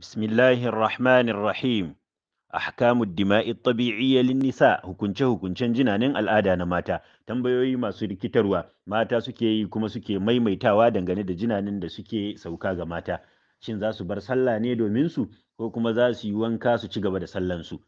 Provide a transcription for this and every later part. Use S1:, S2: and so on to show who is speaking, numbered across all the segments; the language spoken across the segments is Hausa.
S1: بسم الله الرحمن الرحيم أحكام الدماء الطبيعية للنساء hukunce hukuncen jinanin al'ada na mata tambayoyi masu rikitarwa mata suke yi kuma suke maimaitawa dangane da jinanin da suke sauka ga mata shin zasu bar sallah ne domin su ko kuma za yi wanka su ci gaba da sallan su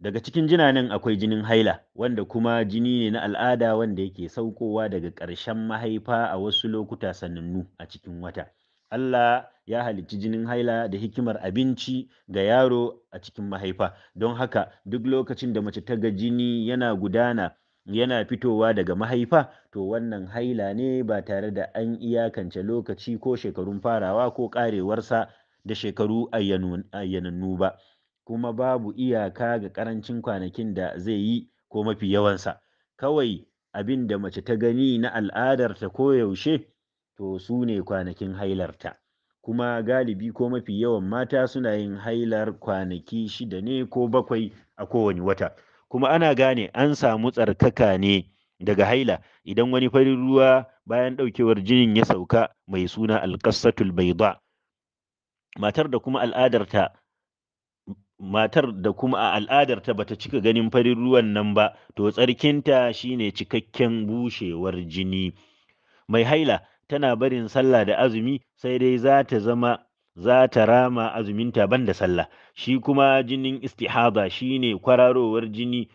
S1: daga cikin jinanin akwai jinin haila wanda kuma jini ne na al'ada wanda yake saukowa daga ƙarshen mahaifa a wasu lokuta sanannu a cikin wata Allah ya halicci jinin haila da hikimar abinci ga yaro a cikin mahaifa don haka duk lokacin da mace ta ga jini yana gudana yana fitowa daga mahaifa to wannan haila ne ba tare da an iyakance lokaci ko shekarun farawa ko karewarsa da shekaru ayyanannu ba kuma babu iyaka ga karancin kwanakin da zai yi ko mafi yawansa kawai abin da mace ta gani na al'adarta koyaushe to su ne kwanakin hailarta kuma galibi ko mafi yawan mata suna yin hailar kwanaki shida ne ko bakwai a kowane wata kuma ana gane an samu tsarkaka ne daga haila idan wani farin ruwa bayan ɗaukewar jinin ya sauka mai suna alƙassatul baida matar da kuma al'adarta matar da kuma a al'adarta bata cika ganin farin ruwan nan ba to tsarkinta shine cikakken bushewar jini mai haila tana barin sallah da azumi sai dai za ta zama za ta rama azuminta ban da sallah shi kuma jinin istihada shine kwararowar jini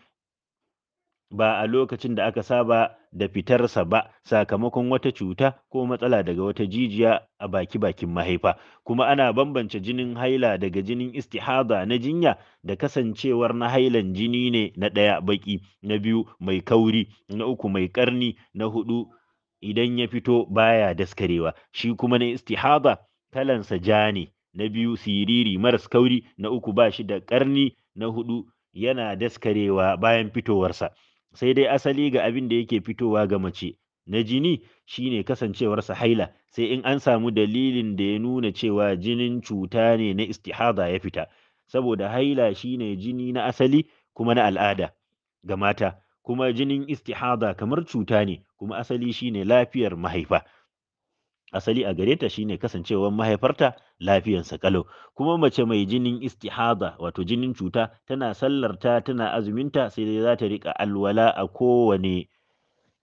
S1: ba a lokacin da aka saba da fitarsa ba sakamakon wata cuta ko matsala daga wata jijiya a baki bakin mahaifa kuma ana bambance jinin haila daga jinin istihada na jinya da kasancewar na hailan jini ne na ɗaya baki na biyu mai kauri na uku mai karni na hudu idan ya fito baya daskarewa shi kuma na istihada kalansa ja ne na biyu siriri maras kauri na uku ba shi da karni na hudu yana daskarewa bayan fitowarsa sai dai asali ga abin da yake fitowa ga mace na jini shine kasancewarsa haila sai in an samu dalilin da ya nuna cewa jinin cuta ne na istihada ya fita saboda haila shine jini na asali kuma na al'ada ga mata kuma jinin istihada kamar cuta ne kuma asali shine lafiyar mahaifa asali a gare ta shine kasancewar mahaifarta lafiyar sa kalau kuma mace mai jinin istihada wato jinin cuta tana sallarta tana azuminta sai dai za ta rika alwala a kowane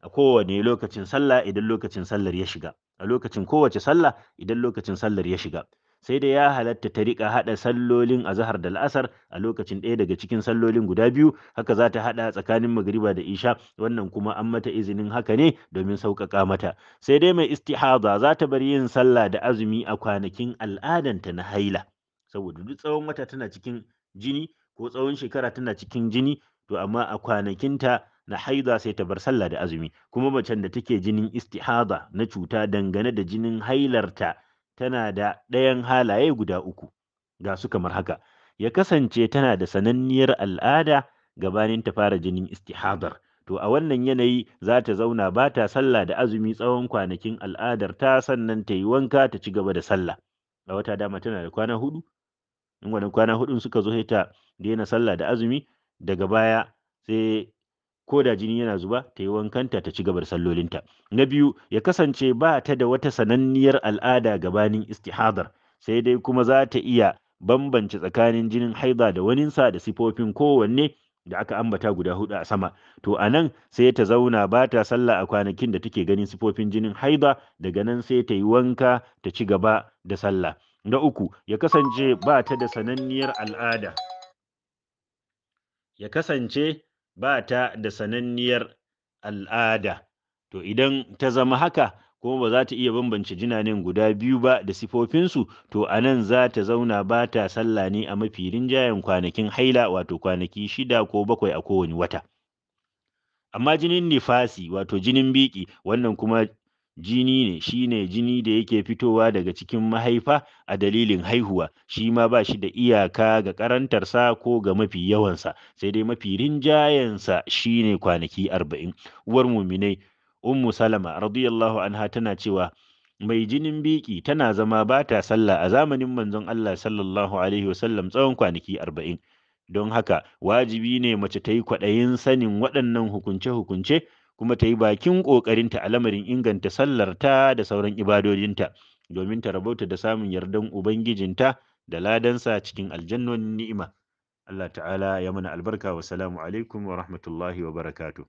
S1: a kowane lokacin sallah idan lokacin sallar ya shiga a lokacin kowace sallah idan lokacin sallar ya shiga sai dai ya halatta ta riƙa haɗa sallolin a zahar da la'asar a lokacin ɗaya daga cikin sallolin guda biyu haka za ta haɗa tsakanin magriba da isha wannan kuma an mata izinin haka ne domin sauƙaƙa mata sai dai mai istihaza za ta bar yin sallah da azumi a kwanakin al'adanta na haila saboda duk tsawon wata tana cikin jini ko tsawon shekara tana cikin jini to amma a kwanakinta na haida sai ta bar sallah da azumi kuma macen da take jinin istihaza na cuta dangane da jinin hailarta tana da ɗayan halaye guda uku ga su kamar haka ya kasance tana da sananniyar al'ada gabanin ta fara jinin istihadar to a wannan yanayi za ta zauna ba ta sallah da azumi tsawon kwanakin al'adar ta sannan ta yi wanka ta ci gaba da sallah a wata dama tana da kwana hudu in wani kwana hudun suka zo sai ta daina sallah da azumi daga baya sai ko da jini yana zuba ta yi wankanta ta ci gabar sallolinta na biyu ya kasance ba ta da wata sananniyar al'ada gabanin istihadar sai dai kuma za ta iya bambance tsakanin jinin haida da waninsa da sifofin kowanne da aka ambata guda hudu a sama to a nan sai ta zauna ba ta sallah a kwanakin da take ganin sifofin jinin haida daga nan sai ta yi wanka ta ci gaba da sallah na uku ya kasance ba ta da sananniyar al'ada ya kasance ba ta da sananniyar al'ada to idan ta zama haka kuma ba za ta iya bambance jinanin guda biyu ba da sifofinsu to a nan za ta zauna ba ta sallah ne a mafi rinjayen kwanakin haila wato kwanaki shida ko bakwai a kowane wata amma jinin nifasi wato jinin biki wannan kuma jini ne shi ne jini da yake fitowa daga cikin mahaifa a dalilin haihuwa shi ma ba shi da iyaka ga karantarsa ko ga mafi yawansa sai dai mafi rinjayensa shi ne kwanaki arba'in uwar muminai ummu salama radiyallahu anha tana cewa mai jinin biki tana zama ba ta sallah a zamanin manzon Allah sallallahu alaihi wasallam tsawon kwanaki arba'in don haka wajibi ne mace ta yi kwaɗayin sanin waɗannan hukunce-hukunce kuma ta yi bakin ƙoƙarinta a lamarin inganta sallarta da sauran ibadojinta domin ta rabauta da samun yardan ubangijinta da ladansa cikin aljannon ni'ima Allah ta'ala ya mana albarka wa salamu alaikum wa rahmatullahi wa barakatuh